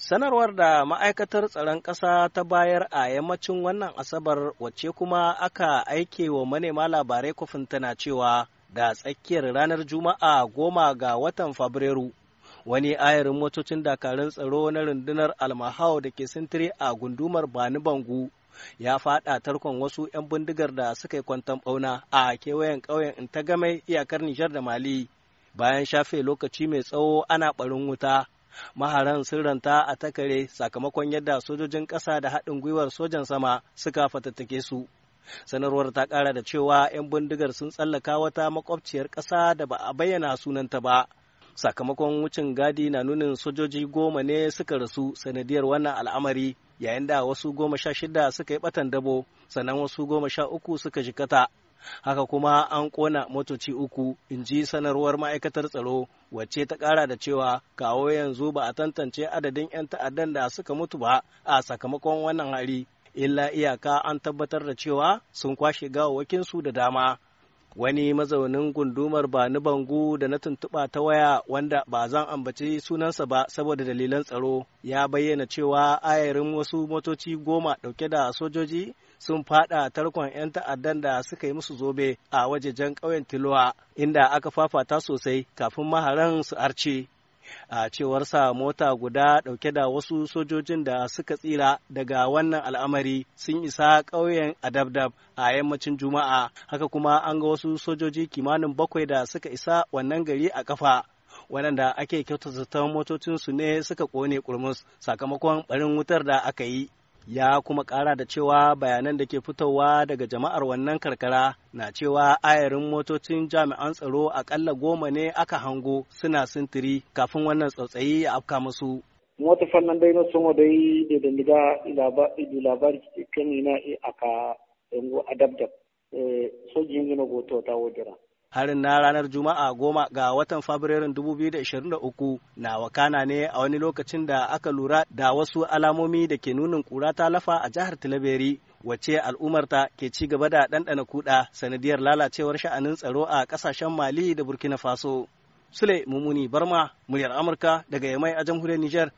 Sanarwar da ma'aikatar tsaron ƙasa ta bayar a yammacin wannan Asabar wacce kuma aka aike wa manema labarai kofin tana cewa da tsakiyar ranar Juma'a goma ga watan Fabrairu. Wani ayarin motocin dakarun tsaro na rundunar almahau da ke sintiri a gundumar Bani Bangu ya faɗa tarkon wasu 'yan bindigar da suka yi kwantan ɓauna a kewayen ƙauyen Intagamai iyakar Nijar da Mali. Bayan shafe lokaci mai tsawo ana ɓarin wuta. maharan sun ranta a takare sakamakon yadda sojojin ƙasa da haɗin gwiwar sojan sama suka fatattake su sanarwar ta ƙara da cewa 'yan bindigar sun tsallaka wata makwabciyar ƙasa da ba a bayyana sunanta ba sakamakon wucin gadi na nunin sojoji goma ne suka rasu sanadiyar wannan al'amari yayin da wasu goma sha shida suka yi batan dabo sannan wasu goma sha uku suka jikata haka kuma an kona motoci uku in ji sanarwar ma'aikatar tsaro wacce ta ƙara da cewa kawo yanzu ba a tantance adadin 'yan ta'addan da suka mutu ba a sakamakon wannan hari illa iyaka an tabbatar da cewa sun kwashe gawawakinsu da dama wani mazaunin gundumar ba ni bangu da na tuntuɓa ta waya wanda ba zan ambaci sunansa ba saboda dalilan tsaro ya bayyana cewa ayarin wasu motoci goma ɗauke da sojoji sun fada tarkon 'yan ta'addan da suka yi musu zobe a wajejen ƙauyen Tilowa inda aka fafata sosai kafin maharan su arce. A cewar sa mota guda ɗauke da wasu sojojin da suka tsira daga wannan al'amari sun isa ƙauyen Adabdab a yammacin Juma'a, haka kuma an ga wasu sojoji kimanin bakwai da suka isa wannan gari a kafa. waɗanda ake kyautata motocinsu ne suka kone ƙurmus sakamakon ɓarin wutar da aka yi ya kuma ƙara da cewa bayanan da ke fitowa daga jama'ar wannan karkara na cewa ayarin motocin jami'an tsaro akalla goma ne aka hango suna sintiri kafin wannan tsautsayi ya afka musu Mota fannin dai na sun dai da daga labari kan ina aka yango adabdab eh, sojin na goto ta wajira harin na ranar juma'a goma ga watan fabrairun 2023 na wakana ne a wani lokacin da aka lura da wasu alamomi da ke nunin kura ta lafa a jihar tilaberi wace al'ummarta ke ci gaba da ɗanɗana kuɗa sanadiyar lalacewar sha'anin tsaro a ƙasashen mali da burkina faso sule mummuni barma muryar amurka daga yamai a jamhuriyar niger